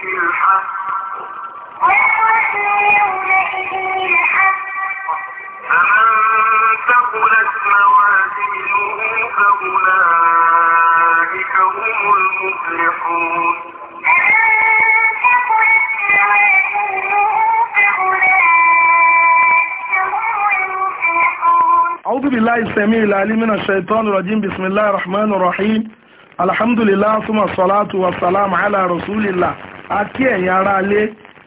أعوذ بالله السميع العليم من الشيطان الرجيم بسم الله الرحمن الرحيم الحمد لله ثم الصلاة والسلام على رسول الله a kí ẹ̀yin aráalé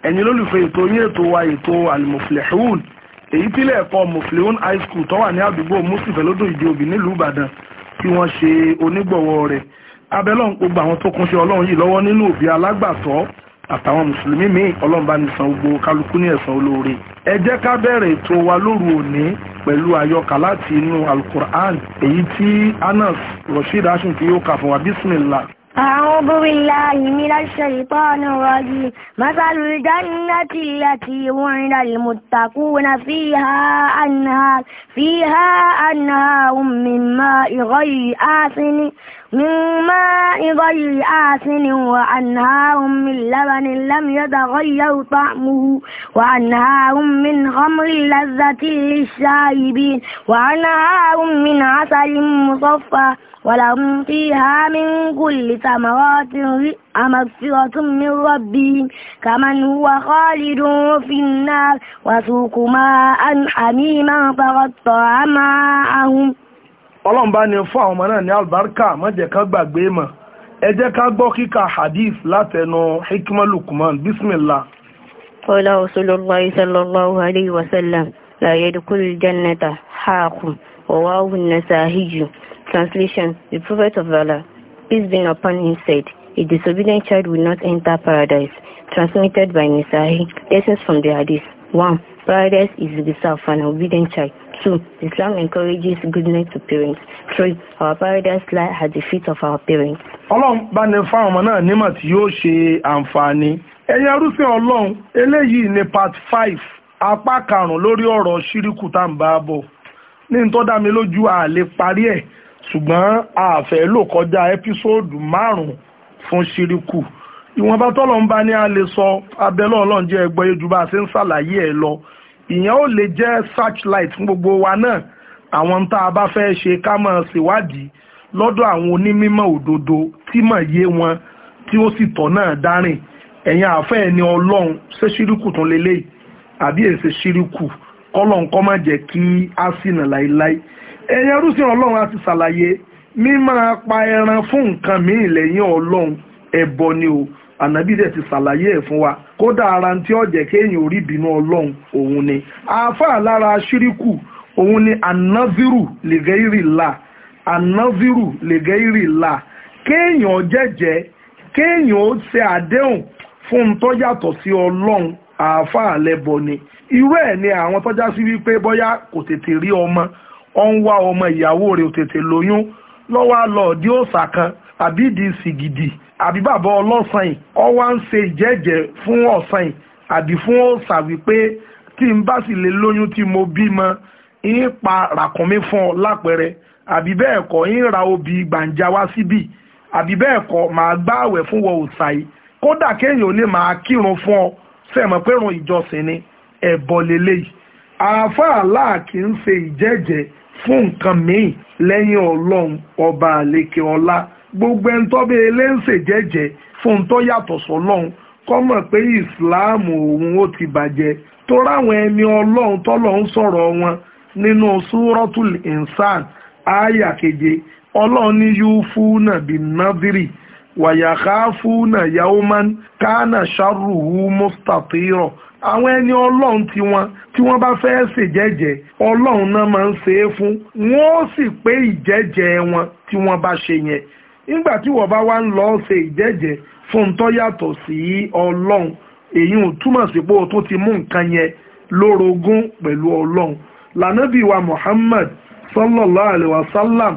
ẹ̀yin lólùfẹ́ ètò yín ètò wa ètò almuflihun èyí tílẹ̀ ẹ̀kọ́ muflihun high school tó wà ní àdúgbò mùsùlùmí ìdí òbí nílùú ìbàdàn tí wọ́n ṣe onígbọ̀wọ́ rẹ̀ abẹ́lọ́n gbogbo àwọn tó kúnṣe ọlọ́run yìí lọ́wọ́ nínú òbí alágbàtọ́ àtàwọn mùsùlùmí míì ọlọ́run bá ní san gbogbo kálukú ní ẹ̀san olóore ẹ jẹ́ ká bẹ̀rẹ̀ ètò wa lóru òní pẹ̀lú àyọkà láti inú alukur'an èyí tí anas rasheed ashun kì yóò kà fún wa bismillah. أعوذ بالله من الشيطان الرجيم مثل الجنة التي وعد المتقون فيها أنهار فيها أنهار من ماء غير آسن من ماء غير آسن وأنهار من لبن لم يتغير طعمه وأنهار من خمر لذة للشايبين وأنهار من عسل مصفى ولهم فيها من كل ثمرات مغفرة من ربهم كمن هو خالد في النار وسوق ماء حميما فقطع معهم ọlọ́run bá ní fún àwọn ọmọ náà ní albarka má ká gbàgbé mọ̀ ẹ jẹ́ ká gbọ́ kíkà hadith látẹnu hikima lukman bismillah. qala rasulullahi sallallahu alayhi wa sallam la yadkhulul jannata haqun rawahu an-nasa'i translation the prophet of allah peace be upon him said a disobedient child will not enter paradise transmitted by nasa'i lessons from the hadith one paradise is reserved for an obedient child 2. Islam encourages goodness to parents. 3. Our paradise lies at the feet of our parents. Ọlọ́run bá ní fáwọn ọmọ náà nímọ̀ tí yóò ṣe àǹfààní. Ẹ̀yin arúfẹ́ Ọlọ́run, eléyìí ni part 5, apá karùn-ún lórí ọ̀rọ̀ ṣíríkù tá ń bá bọ̀. Ní n tó dá mi lójú àlè parí ẹ̀, ṣùgbọ́n àfẹ́ lò kọjá ẹ́písòdù márùn-ún fún ṣíríkù. Ìwọ̀nba tọ́lọ́ ń bá ní a lè sọ abẹ́lọ́ Ọlọ́run jẹ́ ẹgbọ́ yé bá a ṣe ń ṣàlàyé ẹ̀ lọ ìyẹn ò lè jẹ́ searchlight fún gbogbo wa náà àwọn tá a bá fẹ́ ṣe ká máa ṣèwádìí lọ́dọ̀ àwọn onímọ̀ òdodo tí mọ̀ yé wọn tí ó sì tọ̀ náà dárìn ẹ̀yin àfẹ́ ẹni ọlọ́run ṣé ṣíríkù tún lélẹ́yìí àbí èsè ṣíríkù kọ́lọ́n kọ́ má jẹ́ kí á ṣìnà láéláé ẹ̀yin arúsìn ọlọ́run á ti ṣàlàyé mímọ́ pa ẹran fún nǹkan míì lẹ́yìn ọlọ́run ẹbọ ni o ànábì dẹ̀ ti ṣàlàyé ẹ̀ fún wa kódà ara tí ó jẹ́ kéèyàn orí ìbínú ọlọ́run òun ni àáfàá lára ṣíríkù òun ni anaviru lègẹ́rì là anaviru lègẹ́rì là kéèyàn jẹ́jẹ́ kéèyàn ó ṣe àdéhùn fún tó sí ọlọ́run àáfàá lẹ́bọ ni irú ẹ̀ ni àwọn tọ́já sí wípé bóyá kò tètè rí ọmọ ọ ń wá ọmọ ìyàwó rẹ̀ ò tètè lóyún lọ́wọ́ lọ́ọ̀dí òòsà kan àbí di sìgìdì àbí bàbá ọlọ́sàn yìí ọ wá ń ṣe ìjẹ́jẹ́ fún ọ̀sàn yìí àbí fún ọ̀sà wípé tí n bá sì lè lóyún tí mo bímọ ń pa ràkúnmí fún ọ lápẹẹrẹ àbí bẹ́ẹ̀ kọ́ ń ra obì gbàǹjà wá síbì àbí bẹ́ẹ̀ kọ́ máa gbá àwẹ̀ fún wọ òòsà yìí kódà kéèyàn ní máa kírun fún ọ sẹ́mọ̀ pé ràn ìjọsìn ni ẹ̀bọ lélẹ́yìí àáfàá láàkì ń ṣe ìjẹ́jẹ́ fún nǹkan míì lẹ́yìn ọlọ́run ọba àlekè ọlá gbogbo ẹni tó bẹ eléńsè jẹ́jẹ́ fún tó yàtọ̀ sọ́lọ́run kó mọ̀ pé islam òun ó ti bàjẹ́ tó ráwọn ẹni ọlọ́run tọ́lọ́run sọ̀rọ̀ wọn nínú súrọ́tul insan àyà keje ọlọ́run ní yufuna bin nadiri wàyàkáfúnà yaoman kánà ṣàrùhù mustatiro àwọn ẹni ọlọ́run tí wọ́n tí wọ́n bá fẹ́ ṣèjẹ́jẹ́ ọlọ́run náà máa ń ṣe é fún wọn ó sì pé ìjẹ́jẹ́ wọn tí wọ́n bá ṣe yẹn nígbà tí wọ́n bá wá ń lọ ṣe ìjẹ́jẹ́ fún tó yàtọ̀ sí ọlọ́run èyí ò túmọ̀ sí pé o tó ti mú nǹkan yẹn lórogún pẹ̀lú ọlọ́run wa Muhammad sallallahu alayhi sallam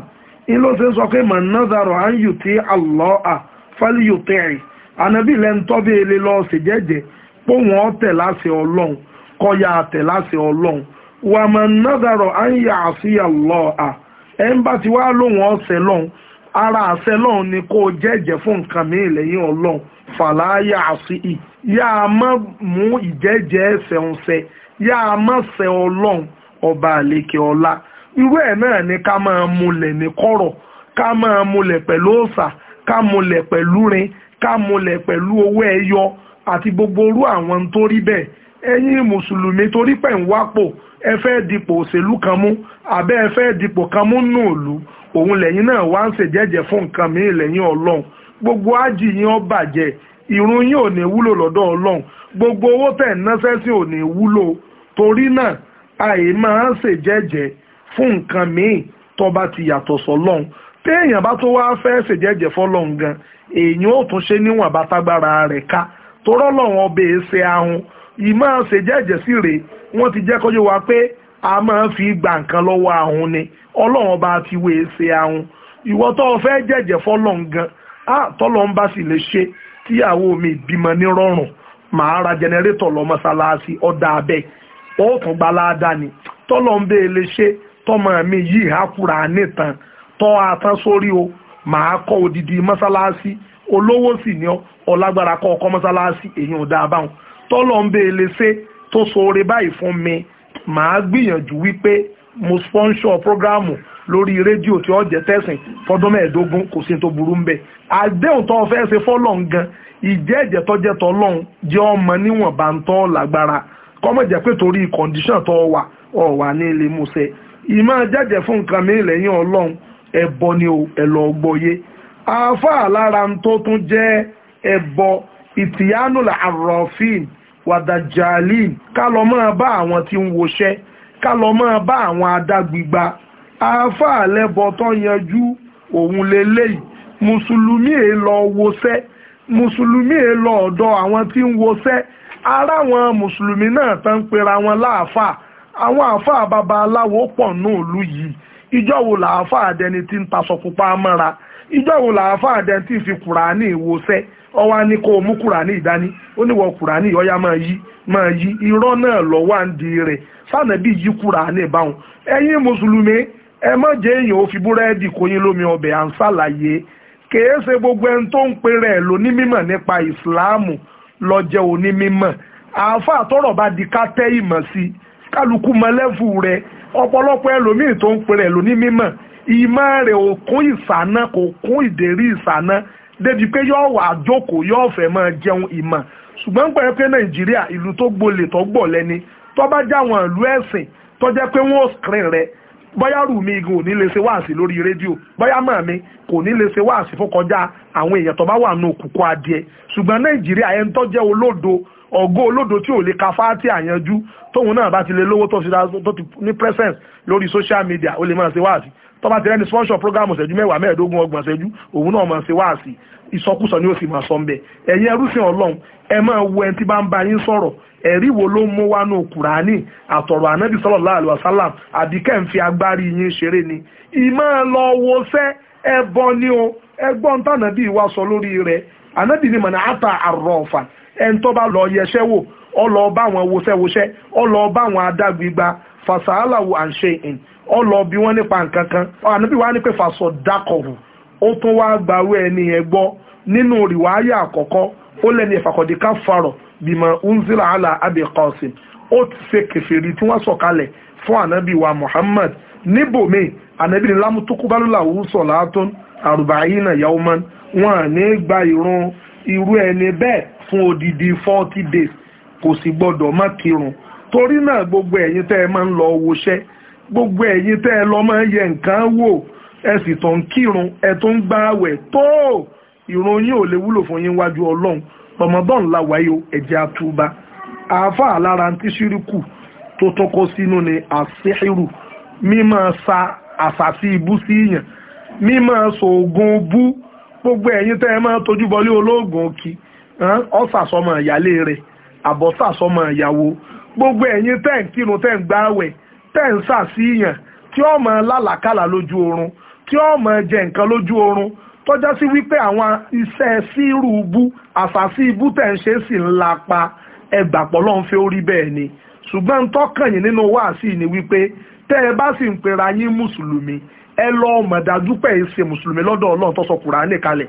ń ló ṣe sọ pé man nadhara an yuti Allaha falyuti'i ànàbí lẹ́ńtọ́ bí ele lọ ṣèjẹ́jẹ́ pé wọ́n tẹ̀ láṣẹ ọlọ́run kọ́ya tẹ̀ láṣẹ ọlọ́run wà man nadhara ẹ̀ ń bá ti wá ọ̀sẹ̀ ara àṣẹ náà ni kó o jẹ́jẹ́ fún nǹkan míì lẹ́yìn ọlọ́run fàlàyà àṣìí yá a má mú ìjẹ́jẹ́ ẹ̀ṣẹ̀ ọ̀sẹ̀ yá a ọba àlekè ọlá irú ẹ̀ náà ni ká máa múlẹ̀ ní kọ̀rọ̀ ká máa múlẹ̀ pẹ̀lú ká múlẹ̀ pẹ̀lú rin ká múlẹ̀ pẹ̀lú owó ẹyọ àti gbogbo orú àwọn tó rí bẹ́ẹ̀ ẹ̀yin mùsùlùmí torí pẹ̀ ń wápò ẹ fẹ́ dipò òṣèlú kan òun lẹ́yìn náà wá ń ṣèjẹ́jẹ́ fún nǹkan míì lẹ́yìn ọlọ́run gbogbo ájì yín ó bàjẹ́ ìrun yín ò ní wúlò lọ́dọ̀ ọlọ́run gbogbo owó tẹ̀ ń náṣẹ́ sí ò ní wúlò torí náà àì máa ń ṣèjẹ́jẹ́ fún nǹkan míì tó bá ti yàtọ̀ sọ́lọ́run téèyàn bá tó wáá fẹ́ ṣèjẹ́jẹ́ fọ́lọ́run gan èèyàn ò tún ṣe níwọ̀n àbátágbára rẹ̀ ká torọ́lọ́run ọbẹ̀ ṣe ahun ìmáa a máa fi gba nǹkan lọ́wọ́ ahun ni ọlọ́run bá ti wé e ṣe ahun ìwọ tó fẹ́ jẹ̀jẹ̀ fọlọ́n gan ah tọ́lọ́n bá sì lè ṣe tíyàwó mi bímọ ní rọrùn màá ra jẹnẹrétọ̀ lọ mọ́ṣáláṣí ọ̀dà abẹ́ ó tún gba láàdá ni tọ́lọ́n bẹ́ẹ̀ lè ṣe tọ́mọ mi yìí hákùrà nìtàn tọ́ atán sórí o màá kọ́ odidi mọ́ṣáláṣí olówó sì ni ọlágbára kọ́ ọkọ́ mọ́ṣáláṣí èyí ò dáa báwọn tọ́lọ́n bẹ́ẹ̀ lè ṣe tó ṣoore báyìí fún mi màá gbìyànjú wípé mo sponsor programu lórí rédíò tí ó jẹ́ tẹ̀sìn fọdún mẹ́ẹ̀ẹ́dógún kò sí tó burú ń bẹ̀ àdéhùn tó fẹ́ ṣe fọ́lọ́n gan ìjẹ́ ẹ̀jẹ̀ tó jẹ́ tọ́lọ́hún jẹ́ ọmọ níwọ̀nba ń tọ́ lágbára kọ́mọ̀ jẹ́ pé torí kọ̀ǹdíṣàn tó wà ọ̀ wà ní ilé musẹ̀ ìmọ̀ jẹ́jẹ̀ fún nǹkan mi lẹ́yìn ọlọ́run ẹ̀bọ ni o ẹ̀lọ́ gbọ́yé afá tó tún jẹ́ ẹ̀bọ ìtìyánù àròfin wàdàjàlín ká lọ máa bá àwọn tí ń woṣẹ́ ká lọ máa bá àwọn adágbígba àáfàá lẹ́bọ tó yanjú òun leléyìí mùsùlùmí è lọ woṣẹ́ mùsùlùmí è lọ ọ̀dọ̀ àwọn tí ń woṣẹ́ ara àwọn mùsùlùmí náà tó ń pera wọn láàfáà àwọn àáfàá baba pọ̀ náà lù yìí ìjọ́ wo làáfàá dẹni tí ń tasọ̀ pupa mọ́ra ìjọ́wò làáfà àdẹ́ntìfì kùránì ìwòsẹ́ ọwá ní kó mú kùránì ìdání ó ní wọ kùránì ọ̀yá máa yí máa yí irọ́ náà lọ́wọ́ àǹdí rẹ̀ sànàbí yí kùránì báwọn ẹ̀yin mùsùlùmí ẹ má jẹ́ èèyàn ó fi búrẹ́dì kóyin lómi ọbẹ̀ à ń gbogbo ẹni tó ń pe rẹ̀ lóní mímọ̀ nípa ìsìláàmù lọ́jẹ́ òní mímọ̀ àáfà tọrọ bá di ká tẹ́ ìmọ̀ sí kálukú mọ́lẹ́fù rẹ̀ ọ̀pọ̀lọpọ̀ ẹlòmíì tó ń pe rẹ̀ lóní mímọ̀ ìmọ̀ rẹ̀ ò kún ìsàná kò kún ìdérí ìsàná débi pé yóò wà jókòó yóò fẹ́ máa jẹun ìmọ̀ ṣùgbọ́n pẹ̀lú pé nàìjíríà ìlú tó gbolè tó gbọ̀ lẹ́ni tó bá jáwọn ìlú ẹ̀sìn tó jẹ́ pé wọ́n ò screen rẹ̀ bóyá rùmí igun ò ní lè ṣe wáàsí lórí rédíò bóyá màmí kò ní lè ṣe wáàsí fún kọjá àwọn èèyàn tó bá wà nù òkùnkùn adìẹ ṣùgbọ́n nàìjíríà ẹni tó jẹ́ olódo ọgọ́ olódo tí ò lè ka fáátì àyanjú tóun náà bá ti lè lówó tó ti ní presence lórí social media ó lè máa ṣe wáàsí tó bá ti rẹ́ni sponsor program ṣẹ́jú mẹ́wàá mẹ́ẹ̀ẹ́dógún ọgbọ̀n ṣẹ́jú òun náà máa ṣe wáàsí ìsọkúsọ ni ó sì máa sọ ń bẹ ẹ̀yin ẹrúsìn ọlọ́run ẹ máa wo ẹni tí bá ń bá yín sọ̀rọ̀ ẹ̀rí wo ló ń mú wá nù kùránì àtọ̀rọ̀ ànábì sallallahu alaihi wasallam àbíkẹ́ ń fi agbárí yín ṣeré ni ìmọ̀ lọ wo sẹ́ ẹbọ ni o ẹgbọ́n tànàbí wa sọ lórí rẹ̀ ànábì ni mọ̀nà àtà àrọ̀ọ̀fà ẹni tó bá lọ yẹṣẹ́ wò ọ lọ bá àwọn wọṣẹ́wọṣẹ́ ọ lọ bá àwọn adágbígba fàṣàlàwò àǹṣe ìn ọ lọ bí wọ́n nípa nǹkan kan ànábì wa ní pé fàṣọ dákọ̀hù ó tún wá gbàwé ẹni yẹn gbọ́ nínú rìwáyà àkọ́kọ́ ó lẹ́ni ìfàkọ̀dé farọ̀ bímọ unzila ala abi qasim ó ti ṣe kèfèrí tí wọ́n sọ̀kalẹ̀ fún ànábì wa muhammad níbòmí ànábì ní lámútókúbálùlà òwúsọ̀ látún àrùbáyínà yauman wọn ní gba ìrun irú ẹni bẹ́ẹ̀ fún odidi forty days kò sì gbọ́dọ̀ má kírun torí náà gbogbo ẹ̀yin tẹ́ ẹ máa ń lọ wọṣẹ́ gbogbo ẹ̀yin tẹ́ ẹ lọ máa yẹ nǹkan wò ẹ sì tó ń kírun ẹ tó ń gbààwẹ̀ tó ìrun yín ò lè wúlò fún yín wájú ọlọ́run ramadan làwáyé ẹ̀jẹ̀ àtúbà àáfàá lára tí ṣíríkù tó tọ́kọ́ sínú ni àṣíhìrù mímọ́ sa àṣàṣì ibú sí yàn mímọ́ sòògùn bú gbogbo ẹ̀yin tẹ́ ẹ máa tójú bọlé olóògùn òkì ọ̀sàsọmọ ìyálé rẹ̀ àbọ̀sàsọmọ ìyàwó gbogbo ẹ̀yin tẹ́ ń kírun tẹ́ ń gbààwẹ̀ tẹ́ǹsà sí yàn tí ó máa lálàkàlà lójú oorun tí ó máa jẹ nǹkan lójú oorun tọ́já sí wípé àwọn iṣẹ́ sírù bú àṣàṣì ibú tẹ̀ ń ṣe sì ń lapa ẹgbà pọ̀lọ́ ń fi orí bẹ́ẹ̀ ni ṣùgbọ́n tọ́kàn yín nínú wáàsí ni wípé tẹ́ ẹ bá sì ń pera yín mùsùlùmí ẹ lọ mọ̀ dájú pé ẹ ṣe mùsùlùmí lọ́dọ̀ ọlọ́run tó sọ kùránì kalẹ̀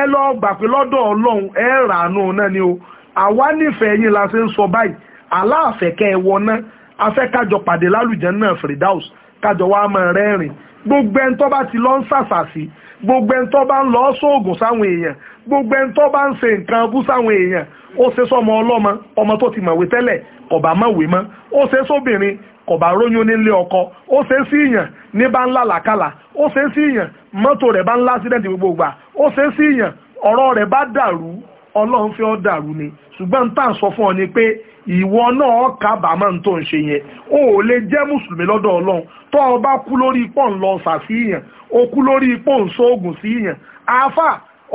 ẹ lọ gbà pé lọ́dọ̀ ọlọ́run ẹ ràánú náà ni o àwa nífẹ̀ẹ́ yín la ṣe ń sọ báyìí aláàfẹ́kẹ́ ẹ wọná afẹ́ kájọ pàdé lálùjánnà Firdaus kájọ wá máa rẹ́rìn gbogbo ẹni tó bá ti lọ ń sàṣàṣì gbogbo ẹni tó bá ń lọ sóògùn sáwọn èèyàn gbogbo ẹni tó bá ń ṣe nǹkan bú sáwọn èèyàn ó ṣe sọmọ ọlọ́mọ ọmọ tó ti mọ̀wé tẹ́lẹ̀ kò bá mọ̀wé mọ́ ó ṣe sóbìnrin kò bá róyún nílé ọkọ ó ṣe sí ìyàn ní bá ń lálàkàlà ó ṣe sí ìyàn mọ́tò rẹ̀ bá ń lásìdẹ́ǹtì gbogbo gbà ó ṣe sí ìyàn ọ̀rọ̀ rẹ̀ bá dàrú ọlọ́run fi ọ́ dàrú ni ṣùgbọ́n n tàn sọ fún ọ ni pé ìwọ náà kábàámọ̀ tó ń ṣe yẹn o ò lè jẹ́ mùsùlùmí lọ́dọ̀ ọlọ́run tó o bá kú lórí ipò ń lọ ṣàfihàn o kú lórí ipò ń sóògùn sí yàn àáfà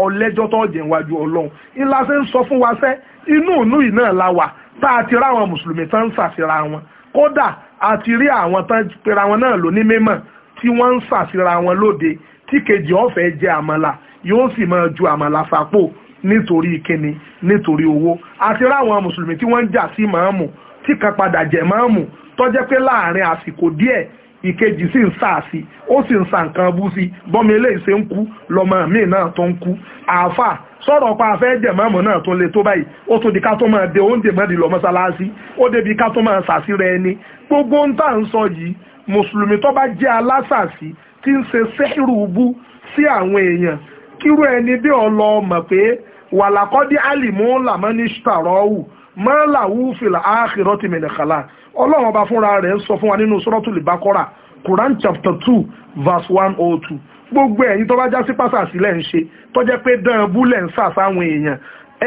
ọ̀lẹ́jọ́ tó jẹ́ wájú ọlọ́run ńlá ṣe ń sọ fún wa sẹ́ inú ìlú yìí náà la wà tá a ti ráwọn mùsùlùmí tán ń ṣàfihàn wọn kódà a ti rí àwọn tán pera wọn náà lóní mímọ̀ tí wọ́n ń ṣàfihàn wọn lóde tí kejì ọ̀fẹ́ jẹ àmàlà yóò sì máa ju àmàlà sápò nítorí kíni nítorí owó àti ráwọn mùsùlùmí tí wọ́n ń jà sí màámù tí kan padà jẹ́ màámù tó jẹ́ pé láàrin àsìkò díẹ̀ ìkejì sì ń sà sí ó sì ń sa nǹkan bú sí bọ́mi eléyìí ṣe ń kú lọ́mọ míì náà tó ń kú àáfà sọ̀rọ̀ pa afẹ́ jẹ̀ màámù náà tó le tó báyìí ó tó di ká tó máa de oúnjẹ mọ́dì lọ mọ́sálásí ó débi ká tó máa sàsíra ẹni gbogbo ń tà ń sọ yìí mùsùlùmí tó bá jẹ́ alásàsí tí ń ṣe sẹ́rù bú sí àwọn èèyàn kírú ẹni bí ọlọ́ọ̀mọ̀ pé wàlàkọ́dí àlìmú làmọ́níṣtàrọ́wù mọ́láwù fìlà áàkìrọ́tì mẹ̀lẹ̀kàlà ọlọ́run ọba fúnra rẹ̀ ń sọ fún wa nínú sọ́rọ́tù lìbákọ́rà Quran chapter two verse one oh two gbogbo ẹ̀yin tó bá já sí pàṣàṣì lẹ́ ń ṣe tó jẹ́ pé dán búlẹ̀ ń sà sáwọn èèyàn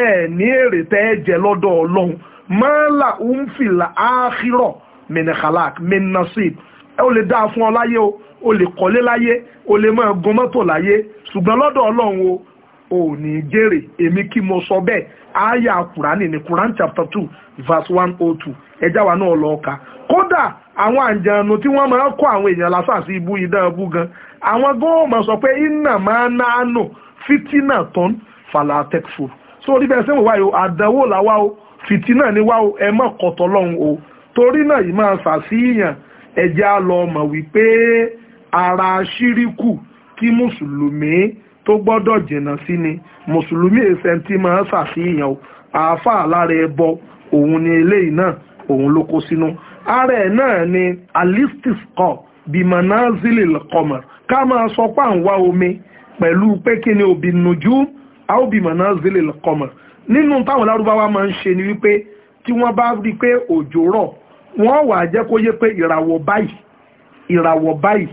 ẹ̀ ní èrè tẹ́ ẹ jẹ lọ́dọ̀ ọlọ́run mọ́láwù fìlà áàkìrọ̀ mẹ̀lẹ̀kàlà mẹ́nasib ó lè dáa fún ọ ò ní jèrè èmi kí mo sọ bẹ́ẹ̀ àyà kùránì ní kùrán chapter two verse one oh two ẹjá wa náà lọ ọkà kódà àwọn àjànù tí wọ́n máa ń kọ́ àwọn èèyàn lásán sí ibú idán ibú gan àwọn gómọ̀ máa sọ pé iná máa ń nánú fìtínà tán falatekfo sórí bẹ́ẹ̀ sẹ́wọ̀n wáyé o àdánwò làwa o fìtínà ni wá o ẹ mọ̀ kọ̀tọ̀ lọ́hùn o torí náà yìí máa ṣàṣìyàn ẹ̀jẹ̀ á mọ̀ wípé ara ṣíríkù kí mùsùlùmí tó gbọ́dọ̀ jìnnà sí ni mùsùlùmí èsẹ̀ tí máa ń ṣàfihàn àáfàá lára ẹbọ òun ni eléyìí náà òun ló kó sínú ara ẹ̀ náà ni alistis kọ bimanazili kọmọ ká máa sọ pé à ń wá omi pẹ̀lú pé kí ni òbí nùjú àwọn bimanazili kọmọ nínú táwọn lárúbáwá máa ń ṣe ni wípé tí wọ́n bá rí pé òjò rọ̀ wọ́n wà jẹ́ kó yé pé ìràwọ̀ báyìí ìràwọ̀ báyìí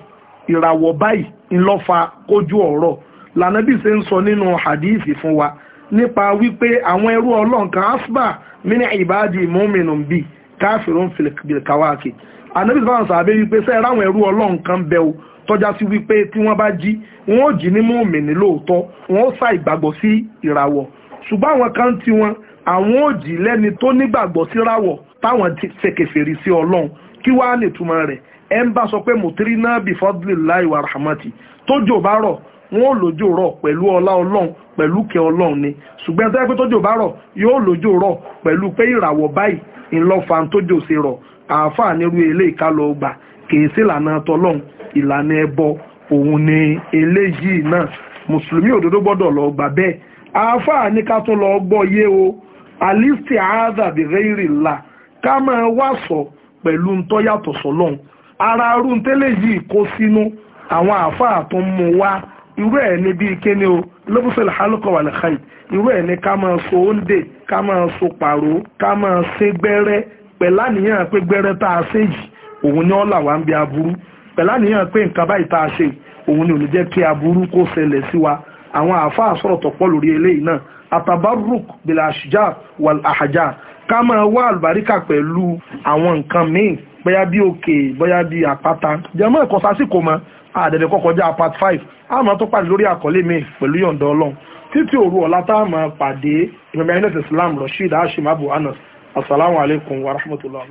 ìràwọ̀ báyìí ńlọ́fà kójú ọ̀rọ̀ lànàbí ṣe ń sọ nínú hadithi fún wa nípa wípé àwọn ẹrú ọlọ́run asba mini ibadi muminun bi káfírun filkawaki ànàbí sọ́nà sàbẹ́ wípé sẹ́ẹ̀rẹ́ àwọn ẹrú ọlọ́run kan bẹ́ o tọ́já sí wípé tí wọ́n bá jí wọ́n ò jí ní mùmìnì lóòótọ́ wọ́n ó sá ìgbàgbọ́ sí ìràwọ̀ ṣùgbọ́n àwọn kan tí wọn àwọn ò jí lẹ́ni tó nígbàgbọ́ síràwọ̀ táwọn ṣe kèfèrí sí ọlọ́run kí wàá nìtumọ̀ rẹ̀ ẹ ń bá sọ pé mùtírí bí fọ́dúlì láì wà ràhámàtì tójò bá rọ̀ wọn ò lójò rọ̀ pẹ̀lú ọlá ọlọ́run pẹ̀lú kẹ ọlọ́run ni ṣùgbọ́n tó yẹ pé tójò bá rọ̀ yóò lójò rọ̀ pẹ̀lú pé ìràwọ̀ báyìí ńlọ́fà tójò ṣe rọ̀ àáfàá nírú eléyìí ká lọ gbà kìí sí ìlànà tọlọ́run ìlànà ẹbọ òun ni eléyìí náà mùsùlùmí òdodo gbọ́dọ̀ lọ gbà bẹ́ẹ̀ àáfàá ní ká tún lọ gbọ́ yé o alisti azabi rẹ́rìlá ká máa wá sọ pẹ̀lú ntọ́yàtọ̀ sọlọ́run ara arúntẹ́lẹ̀ yìí kó sínú àwọn àáfàá tó ń mú wá irú ẹ̀ ní bíi kíni o lọ́bùsọ̀lù hálùkọ̀ wà ní xayì irú ẹ̀ ní ká máa so oúnjẹ ká máa so pàrọ̀ ká máa ṣe gbẹ́rẹ́ pẹ̀lá nìyẹn pé gbẹ́rẹ́ tá a ṣe yìí òun ni ó là wá ń bi aburú pẹ̀lá nìyẹn pé nǹkan báyìí tá a ṣe òun ni ò ní jẹ́ kí aburú kó ṣẹlẹ̀ sí wa àwọn àáfàá sọ̀rọ̀ tọ̀pọ̀ lórí eléyìí náà atabaruk bilasija wal ahaja ká máa wá àlùbáríkà pẹ̀lú àwọn nǹkan míì bóyá bí òkè bóyá bí àpáta jẹ́mọ́ ẹ̀kọ́ sásìkò mọ́ àdẹ̀dẹ̀ kọkọjá apat five àmọ́ tó pàdé lórí àkọlé mi pẹ̀lú yọ̀ǹda ọlọ́run títí òru ọ̀la tá a máa pàdé ìmọ̀mí ayélujára islam rasheed hashim abu anas asalaamualeykum wa rahmatulah.